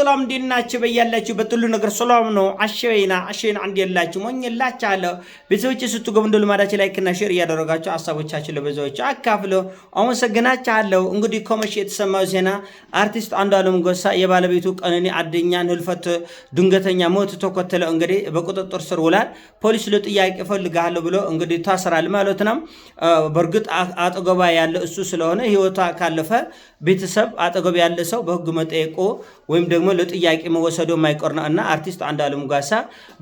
ሰላም እንዴት ናችሁ? በያላችሁበት ሁሉ ነገር ሰላም ነው። አሸይና አሸይና አንድ የላችሁ ሞኝላችኋለሁ። ቤተሰቦች ስትገቡ እንደ ልማዳችሁ ላይክና ሼር እያደረጋችሁ ሀሳቦቻችሁ ለብዙዎች አካፍሉ። አመሰግናችኋለሁ። እንግዲህ ከመሸ የተሰማው ዜና አርቲስት አንዷለም ጎሳ የባለቤቱ ቀነኒ አዱኛን ህልፈት ድንገተኛ ሞት ተከትሎ እንግዲህ በቁጥጥር ስር ውሏል። ፖሊስ ለጥያቄ እፈልግሃለሁ ብሎ እንግዲህ ታስራል ማለት ነው። በእርግጥ አጠገባ ያለ እሱ ስለሆነ ህይወቷ ካለፈ ቤተሰብ አጠገብ ያለ ሰው በህግ መጠየቁ ወይም ደግሞ ደግሞ ለጥያቄ መወሰዶ የማይቀር ነው እና አርቲስት አንዱዓለም ጎሳ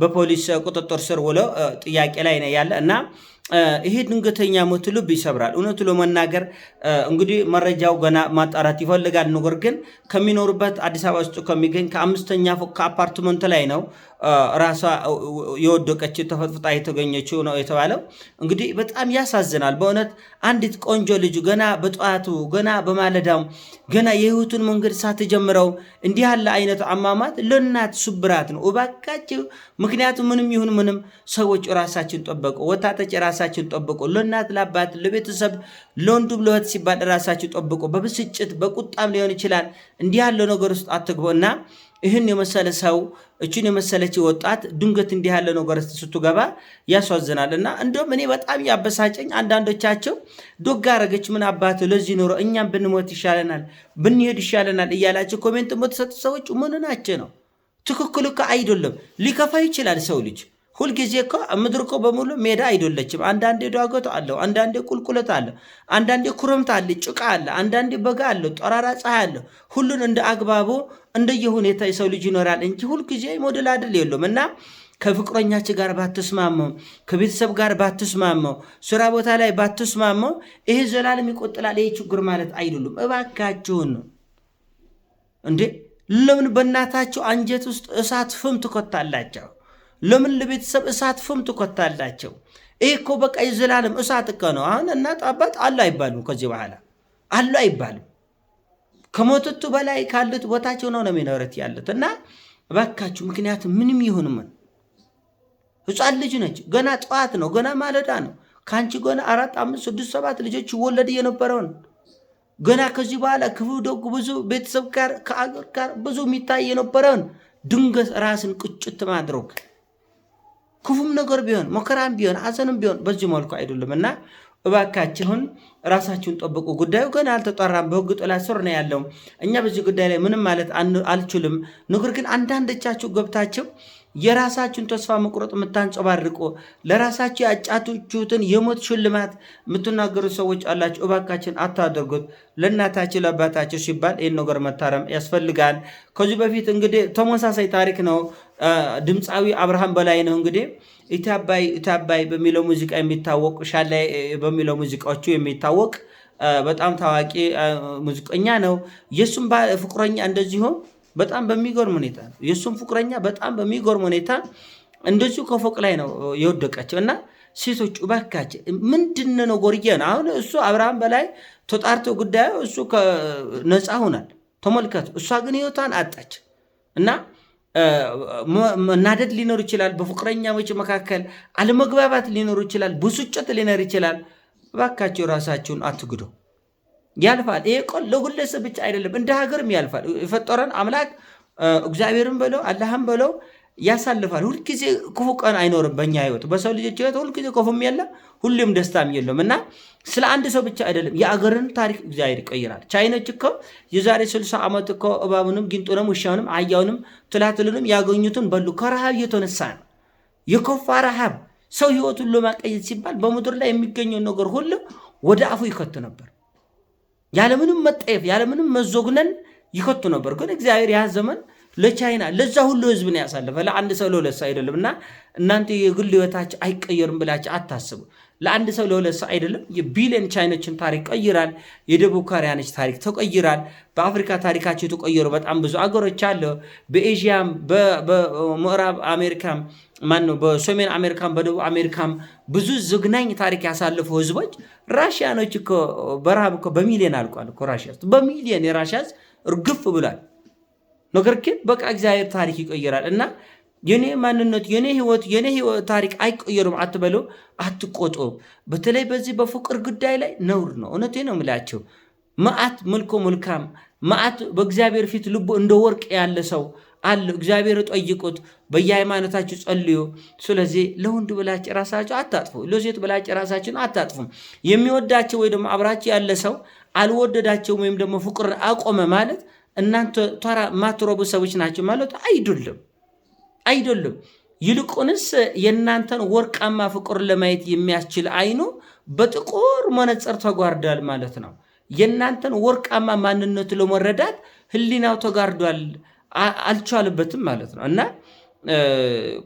በፖሊስ ቁጥጥር ስር ውሎ ጥያቄ ላይ ነው ያለ እና ይሄ ድንገተኛ ሞት ልብ ይሰብራል። እውነቱ ለመናገር እንግዲህ መረጃው ገና ማጣራት ይፈልጋል። ነገር ግን ከሚኖሩበት አዲስ አበባ ውስጥ ከሚገኝ ከአምስተኛ ፎቅ ከአፓርትመንት ላይ ነው ራሷ የወደቀች ተፈጥፍጣ የተገኘችው ነው የተባለው። እንግዲህ በጣም ያሳዝናል በእውነት አንዲት ቆንጆ ልጅ ገና በጠዋቱ ገና በማለዳም ገና የህይወቱን መንገድ ሳትጀምረው እንዲህ ያለ አይነት አሟሟት ለእናት ስብራት ነው እባካቸው። ምክንያቱም ምንም ይሁን ምንም ሰዎች ራሳችን ጠበቁ ወታተች ራሳችን ጠብቁ። ለእናት ለአባት፣ ለቤተሰብ፣ ለወንዱም ለእህት ሲባል ራሳችን ጠብቁ። በብስጭት በቁጣም ሊሆን ይችላል። እንዲህ ያለው ነገር ውስጥ አትግቡ እና ይህን የመሰለ ሰው እችን የመሰለች ወጣት ድንገት እንዲህ ያለ ነገር ስትገባ ያሳዝናል። እና እንዲሁም እኔ በጣም ያበሳጨኝ አንዳንዶቻቸው ዶግ አረገች ምን አባት ለዚህ ኖሮ እኛም ብንሞት ይሻለናል ብንሄድ ይሻለናል እያላቸው ኮሜንት የምትሰጡ ሰዎች ምን ናቸው ነው? ትክክል እኮ አይደለም። ሊከፋ ይችላል ሰው ልጅ ሁልጊዜ እኮ ምድር እኮ በሙሉ ሜዳ አይደለችም። አንዳንዴ ዳገት አለው፣ አንዳንዴ ቁልቁለት አለ፣ አንዳንዴ ኩረምት አለ፣ ጭቃ አለ፣ አንዳንዴ በጋ አለ፣ ጠራራ ፀሐይ አለ። ሁሉን እንደ አግባቡ እንደየሁኔታ የሰው ልጅ ይኖራል እንጂ ሁልጊዜ ሞደላድል የለውም እና ከፍቅረኛች ጋር ባትስማመው፣ ከቤተሰብ ጋር ባትስማመው፣ ስራ ቦታ ላይ ባትስማመው፣ ይሄ ዘላለም ይቆጥላል ይሄ ችግር ማለት አይደሉም። እባካችሁን ነው እንዴ! ለምን በእናታቸው አንጀት ውስጥ እሳት ፍም ትኮታላቸው? ለምን ለቤተሰብ እሳት ፍም ትኮታላቸው? ይህ እኮ በቃ የዘላለም እሳት እኮ ነው። አሁን እናት አባት አሉ አይባሉም። ከዚህ በኋላ አሉ አይባሉም። ከሞትቱ በላይ ካሉት ቦታቸው ነው ነው የሚኖረት ያሉት እና እባካችሁ፣ ምክንያቱም ምንም ይሁን ምን ህፃን ልጅ ነች። ገና ጠዋት ነው፣ ገና ማለዳ ነው። ከአንቺ ገና አራት፣ አምስት፣ ስድስት፣ ሰባት ልጆች ወለድ የነበረውን ገና ከዚህ በኋላ ክፉ ደጉ ብዙ ቤተሰብ ጋር ከአገር ጋር ብዙ የሚታይ የነበረውን ድንገት ራስን ቁጭት ማድረግ ክፉም ነገር ቢሆን መከራም ቢሆን አዘንም ቢሆን በዚህ መልኩ አይደለም እና እባካችሁን ራሳችሁን ጠብቁ። ጉዳዩ ገና አልተጠራም በሕግ ጥላ ስር ነው ያለው። እኛ በዚህ ጉዳይ ላይ ምንም ማለት አልችልም። ነገር ግን አንዳንዶቻችሁ ገብታችሁ የራሳችሁን ተስፋ መቁረጥ የምታንጸባርቁ ለራሳችሁ ያጫችሁትን የሞት ሽልማት የምትናገሩ ሰዎች አላችሁ። እባካችን አታደርጉት። ለእናታችን ለአባታችሁ ሲባል ይህን ነገር መታረም ያስፈልጋል። ከዚህ በፊት እንግዲህ ተመሳሳይ ታሪክ ነው ድምፃዊ አብርሃም በላይ ነው እንግዲህ ኢታባይ ኢታባይ በሚለው ሙዚቃ የሚታወቅ ሻላይ በሚለው ሙዚቃዎቹ የሚታወቅ በጣም ታዋቂ ሙዚቀኛ ነው። የእሱም ፍቅረኛ እንደዚሁም በጣም በሚጎርም ሁኔታ የእሱም ፍቅረኛ በጣም በሚጎርም ሁኔታ እንደዚሁ ከፎቅ ላይ ነው የወደቀችው እና ሴቶቹ እባካችሁ ምንድን ነው ጎርዬ ነው አሁን እሱ አብርሃም በላይ ተጣርቶ ጉዳዩ እሱ ነፃ ሆናል። ተመልከቱ። እሷ ግን ህይወቷን አጣች እና መናደድ ሊኖር ይችላል። በፍቅረኛሞች መካከል አለመግባባት ሊኖር ይችላል። ብስጭት ሊኖር ይችላል። እባካችሁ ራሳችሁን አትግዱ። ያልፋል። ይሄ ቆል ለግለሰብ ብቻ አይደለም፣ እንደ ሀገርም ያልፋል። የፈጠረን አምላክ እግዚአብሔርም በለው አላህም በለው ያሳልፋል። ሁልጊዜ ክፉ ቀን አይኖርም በእኛ ህይወት፣ በሰው ልጆች ህይወት ሁልጊዜ ክፉም የለም ሁሌም ደስታም የለም እና ስለ አንድ ሰው ብቻ አይደለም፣ የአገርን ታሪክ እግዚአብሔር ይቀይራል። ቻይኖች እኮ የዛሬ ስልሳ ዓመት እኮ እባቡንም፣ ጊንጡንም፣ ውሻውንም፣ አያውንም፣ ትላትልንም ያገኙትን በሉ። ከረሃብ የተነሳ ነው የከፋ ረሃብ። ሰው ህይወቱን ለማቀየት ሲባል በምድር ላይ የሚገኘው ነገር ሁሉ ወደ አፉ ይከቱ ነበር። ያለምንም መጠየፍ ያለምንም መዞግነን ይከቱ ነበር። ግን እግዚአብሔር ያ ዘመን ለቻይና ለዛ ሁሉ ህዝብ ነው ያሳለፈ፣ ለአንድ ሰው ለሁለት ሰው አይደለም። እና እናንተ የግል ህይወታችሁ አይቀየርም ብላችሁ አታስቡ። ለአንድ ሰው ለሁለት ሰው አይደለም። የቢሊዮን ቻይኖችን ታሪክ ቀይራል። የደቡብ ኮሪያኖች ታሪክ ተቀይራል። በአፍሪካ ታሪካቸው የተቀየሩ በጣም ብዙ አገሮች አለ። በኤዥያም፣ በምዕራብ አሜሪካም ማነው፣ በሰሜን አሜሪካም፣ በደቡብ አሜሪካም ብዙ ዘግናኝ ታሪክ ያሳለፉ ህዝቦች ራሽያኖች በረሃብ በሚሊዮን አልቋል። ራሽያ በሚሊዮን የራሽያ እርግፍ ብሏል። ነገር ግን በቃ እግዚአብሔር ታሪክ ይቀይራል እና የኔ ማንነት የኔ ህይወት የኔ ታሪክ አይቀየሩም አትበለው አትቆጦ በተለይ በዚህ በፍቅር ጉዳይ ላይ ነውር ነው። እውነቴ ነው የምላቸው መዓት መልኮ መልካም መዓት በእግዚአብሔር ፊት ልቡ እንደ ወርቅ ያለ ሰው አለ። እግዚአብሔር ጠይቁት፣ በየሃይማኖታችሁ ጸልዩ። ስለዚህ ለወንድ ብላችሁ ራሳችሁ አታጥፉ፣ ለሴት ብላችሁ ራሳችሁን አታጥፉም። የሚወዳቸው ወይ ደግሞ አብራቸው ያለ ሰው አልወደዳቸውም ወይም ደግሞ ፍቅር አቆመ ማለት እናንተ ቷራ ማትሮቡ ሰዎች ናቸው ማለት አይደለም፣ አይደለም። ይልቁንስ የእናንተን ወርቃማ ፍቅር ለማየት የሚያስችል አይኑ በጥቁር መነጽር ተጓርዷል ማለት ነው። የእናንተን ወርቃማ ማንነቱ ለመረዳት ህሊናው ተጋርዷል፣ አልቻለበትም ማለት ነው እና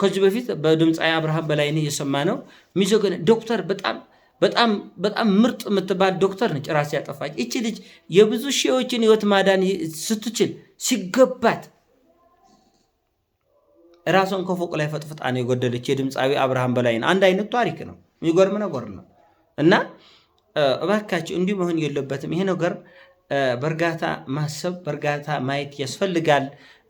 ከዚህ በፊት በድምፃዊ አብርሃም የሰማ ነው ሚዞግን ዶክተር በጣም በጣም በጣም ምርጥ የምትባል ዶክተር ነች። ራስ ያጠፋች እቺ ልጅ የብዙ ሺዎችን ህይወት ማዳን ስትችል ሲገባት ራሷን ከፎቅ ላይ ፈጥፍጣ ነው የጎደለች። የድምፃዊ አብርሃም ነው። አንድ አይነት ታሪክ ነው። የሚጎርም ነገር ነው እና እባካቸው እንዲሁ መሆን የለበትም ይሄ ነገር። በእርጋታ ማሰብ፣ በእርጋታ ማየት ያስፈልጋል።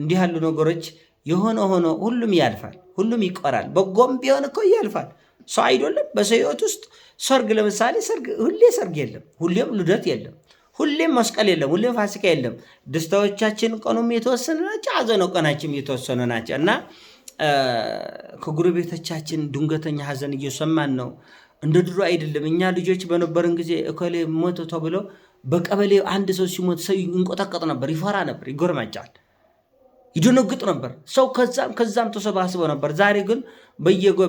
እንዲህ ያሉ ነገሮች የሆነ ሆኖ ሁሉም ያልፋል፣ ሁሉም ይቆራል። በጎም ቢሆን እኮ ያልፋል። ሰው አይደለም። በሰው ህይወት ውስጥ ሰርግ ለምሳሌ ሰርግ ሁሌ ሰርግ የለም፣ ሁሌም ልደት የለም፣ ሁሌም መስቀል የለም፣ ሁሌም ፋሲካ የለም። ደስታዎቻችን ቀኑም የተወሰነ ናቸው፣ ሀዘነው ቀናችን የተወሰነ ናቸው እና ከጎረቤቶቻችን ድንገተኛ ሀዘን እየሰማን ነው። እንደ ድሮ አይደለም። እኛ ልጆች በነበረን ጊዜ እኮሌ ሞተ ተብሎ በቀበሌ አንድ ሰው ሲሞት ሰው ይንቆጠቀጥ ነበር፣ ይፈራ ነበር፣ ይጎርመጃል። ይደነግጡ ነበር። ሰው ከዛም ከዛም ተሰባስበው ነበር። ዛሬ ግን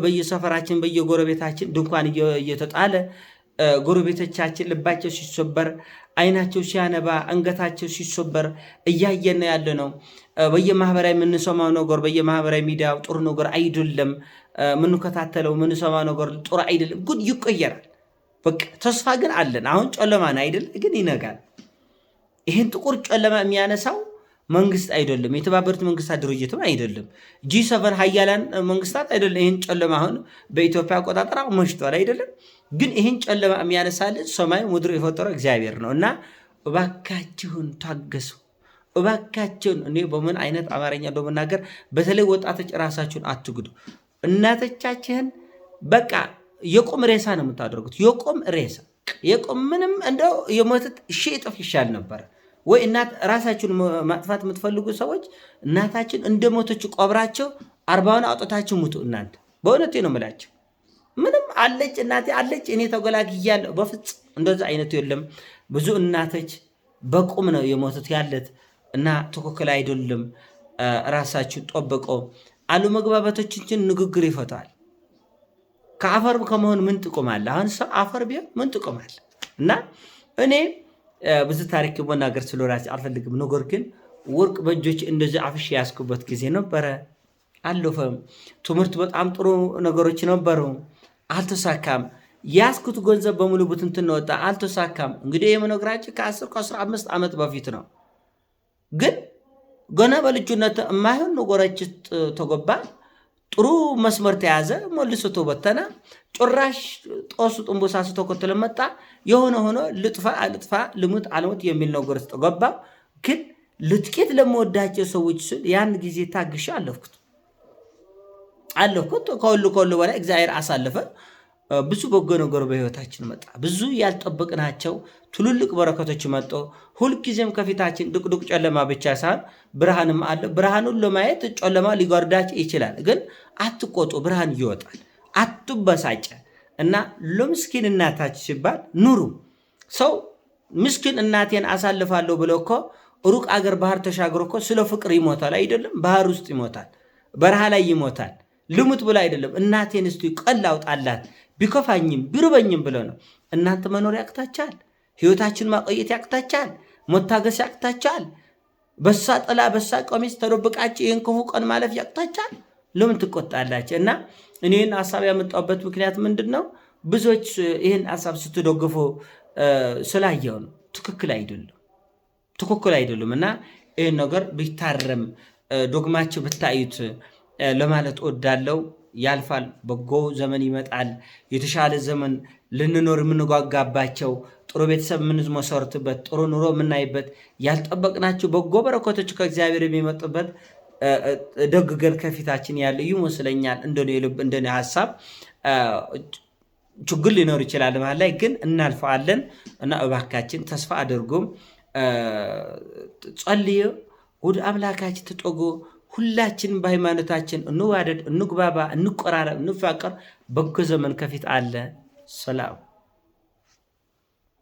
በየሰፈራችን በየጎረቤታችን ድንኳን እየተጣለ ጎረቤቶቻችን ልባቸው ሲሰበር፣ አይናቸው ሲያነባ፣ አንገታቸው ሲሰበር እያየን ያለ ነው። በየማህበራዊ የምንሰማው ነገር በየማህበራዊ ሚዲያው ጥሩ ነገር አይደለም። የምንከታተለው የምንሰማው ነገር ጥሩ አይደለም። ጉድ ይቆየራል። በቃ ተስፋ ግን አለን። አሁን ጨለማን አይደል? ግን ይነጋል። ይህን ጥቁር ጨለማ የሚያነሳው መንግስት አይደለም፣ የተባበሩት መንግስታት ድርጅትም አይደለም፣ ጂ ሰቨን ሀያላን መንግስታት አይደለም። ይህን ጨለማ አሁን በኢትዮጵያ አቆጣጠር መሽቷል አይደለም። ግን ይህን ጨለማ የሚያነሳልን ሰማይ ምድር የፈጠረው እግዚአብሔር ነው እና እባካችሁን ታገሱ። እባካችሁን እኔ በምን አይነት አማርኛ እንደመናገር በተለይ ወጣቶች ራሳችሁን አትጉዱ። እናቶቻችን በቃ የቁም ሬሳ ነው የምታደርጉት። የቁም ሬሳ የቁም ምንም እንደው የሞትት ሺህ እጥፍ ይሻል ነበር። ወይ እናት ራሳችሁን ማጥፋት የምትፈልጉ ሰዎች እናታችን እንደ ሞቶች ቆብራቸው አርባውን አውጥታችሁ ሙቱ። እናንተ በእውነት ነው የምላቸው። ምንም አለች እናቴ አለች እኔ ተጎላግያለሁ። በፍጹም እንደዚ አይነቱ የለም። ብዙ እናቶች በቁም ነው የሞቱት ያለት እና ትክክል አይደለም። ራሳችሁ ጠብቆ አሉ መግባባቶችችን ንግግር ይፈቷል። ከአፈር ከመሆን ምን ጥቅም አሁን ሰው አፈር ቢሆን ምን ጥቅም እና እኔ ብዙ ታሪክ መናገር ስለወራጅ አልፈልግም። ነገር ግን ወርቅ በእጆች እንደዚ አፍሽ ያስኩበት ጊዜ ነበረ፣ አለፈም ትምህርት በጣም ጥሩ ነገሮች ነበሩ፣ አልተሳካም። ያስኩት ገንዘብ በሙሉ ብትንትን ወጣ፣ አልተሳካም። እንግዲህ የመነግራችን ከ10 ከ15 ዓመት በፊት ነው። ግን ገና በልጁነት የማይሆን ነገሮች ተጎባል ጥሩ መስመር ተያዘ፣ መልሶ ተበተነ። ጭራሽ ጦሱ ጥንቡሳ ስተኮትለ መጣ። የሆነ ሆኖ ልጥፋ አልጥፋ ልሙት አልሙት የሚል ነገር ውስጥ ገባ። ግን ልጥቂት ለመወዳቸው ሰዎች ስል ያን ጊዜ ታግሻ አለፍኩት አለፍኩት። ከሁሉ ከሁሉ በላይ እግዚአብሔር አሳለፈ። ብዙ በጎ ነገሩ በህይወታችን መጣ። ብዙ ያልጠበቅናቸው ትልልቅ በረከቶች መጦ ሁልጊዜም ከፊታችን ድቅድቅ ጨለማ ብቻ ሳይሆን ብርሃንም አለ። ብርሃኑን ለማየት ጨለማ ሊጓርዳቸው ይችላል። ግን አትቆጡ፣ ብርሃን ይወጣል። አትበሳጨ እና ለምስኪን እናታች ሲባል ኑሩ። ሰው ምስኪን እናቴን አሳልፋለሁ ብሎ እኮ ሩቅ አገር ባህር ተሻግሮ እኮ ስለ ፍቅር ይሞታል አይደለም። ባህር ውስጥ ይሞታል፣ በረሃ ላይ ይሞታል። ልሙት ብሎ አይደለም። እናቴን እስቲ ቀላውጣላት ቢከፋኝም ቢርበኝም ብለ ነው። እናንተ መኖር ያቅታችኋል፣ ህይወታችን ማቆየት ያቅታችኋል፣ መታገስ ያቅታችኋል። በሳ ጥላ በሳ ቀሚስ ተደብቃችሁ ይህን ክፉ ቀን ማለፍ ያቅታችኋል። ለምን ትቆጣላችሁ? እና እኔን ሀሳብ ያመጣሁበት ምክንያት ምንድን ነው? ብዙዎች ይህን ሀሳብ ስትደግፉ ስላየው ነው። ትክክል አይደሉም፣ ትክክል አይደሉም። እና ይህን ነገር ቢታረም ዶግማቸው ብታዩት ለማለት እወዳለሁ። ያልፋል። በጎ ዘመን ይመጣል። የተሻለ ዘመን ልንኖር የምንጓጋባቸው ጥሩ ቤተሰብ የምንመሰርትበት ጥሩ ኑሮ የምናይበት ያልጠበቅናቸው በጎ በረከቶች ከእግዚአብሔር የሚመጡበት ደግገን ከፊታችን ያለ ይመስለኛል። እንደኔ ሀሳብ ችግር ሊኖር ይችላል ማለት ላይ ግን እናልፈዋለን እና እባካችን ተስፋ አድርጉም ጸልየ ወደ አምላካችን ተጠጎ ሁላችንም በሃይማኖታችን እንዋደድ፣ እንግባባ፣ እንቆራረብ፣ እንፋቀር። በጎ ዘመን ከፊት አለ። ሰላም